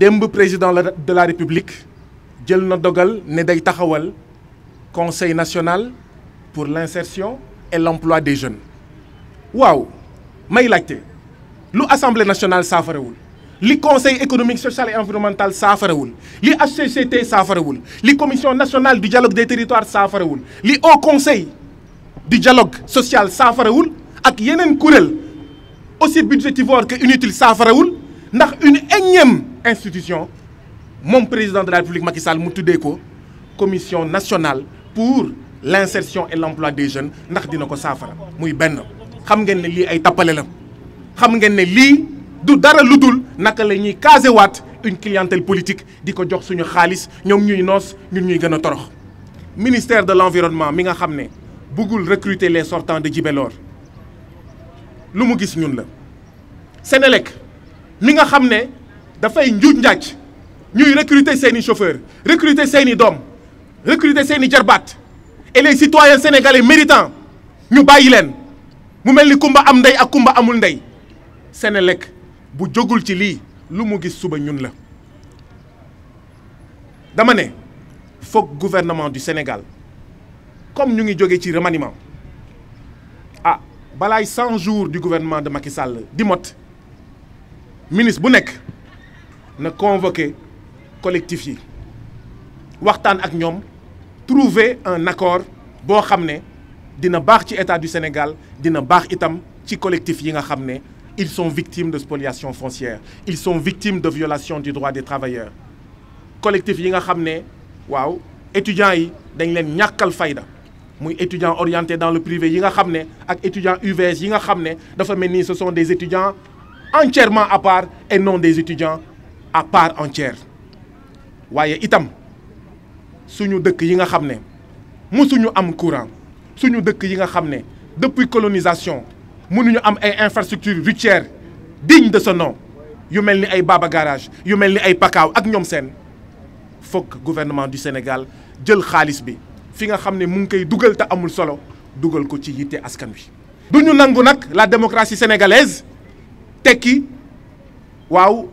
le président de la république jël dogal conseil national pour l'insertion et l'emploi des jeunes mais may a lu l'Assemblée nationale saafarawul le conseil économique social et environnemental saafarawul li HCCT saafarawul li commission nationale du dialogue des territoires le li haut conseil du dialogue social qui ak yeneen courel aussi budgétivore que inutile pas... ndax une énième institution Mon président de la république Macky Sall commission nationale pour L'insertion et l'emploi des jeunes ndax dina ko muy ben. xam ngeen ne lii ay tapalé. la xam ngeen ne lii du dara lu que naka la une clientèle politique Diko ko jox suñu xaalis ñoom ñuy noos ñun ñuy ministère de l'Environnement, vous mi nga recruter les sortants de Djibélor lu mu gis ñun la Sénélec mi nga nous avons recruté recruter chauffeurs recruter ces dom, recruter et les citoyens sénégalais méritants ñu bàyyi Nous mu kumba am ndey ak kumba amul ndey Senelec bu ne gouvernement du Sénégal comme nous ngi remaniement 100 ah, jours du gouvernement de Macky Sall Dimot, ministre bu ne convoquer collectif yi waxtaan ak ñom trouver un accord bo xamné dina baax ci état du Sénégal dina baax itam ci collectif yi nga xamné ils sont victimes de spoliation foncière ils sont victimes de violation du droit des travailleurs collectif yi nga xamné waaw étudiants yi dañ leen ñakal fayda muy étudiants orientés dans le privé yi nga xamné ak étudiants UVS yi nga xamné dafa melni ce sont des étudiants entièrement à part et non des étudiants à part entière Waye itam suñu dëkk yi nga xamné ne mësuñu am courant suñu dëkk yi nga xamné depuis colonisation mënuñu am ay infrastructures routières dignes de ce nom yu melni ay Baba Garage yu melni ay pakaw ak ñom sen. fokk gouvernement du Sénégal jël xaalis bi fi nga xamné mu ngi koy amul solo dugal ko ci yité askan wi. duñu nangu nak la démocratie sénégalaise Teki. waaw.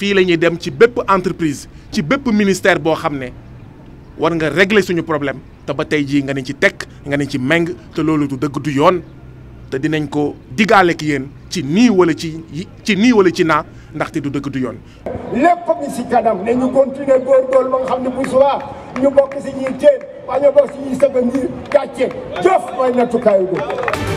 fii la ñuy dem ci bépp entreprise ci bépp ministère boo xam ne war nga régler suñu problème te ba tey jii nga ne ci tekk nga ne ci méng te loolu du dëgg du yoon te dinañ ko digaale ak yéen ci nii wala ci ci nii wala ci naa ndaxte du dëgg du yoon. lépp ngi si kanam ne ñu continuer góorgóorlu ba nga xam ne bu subaa ñu bokk si ñuy téen waa ñu bokk si ñuy sëgg ñuy gàcce jëf mooy nattukaayu góor.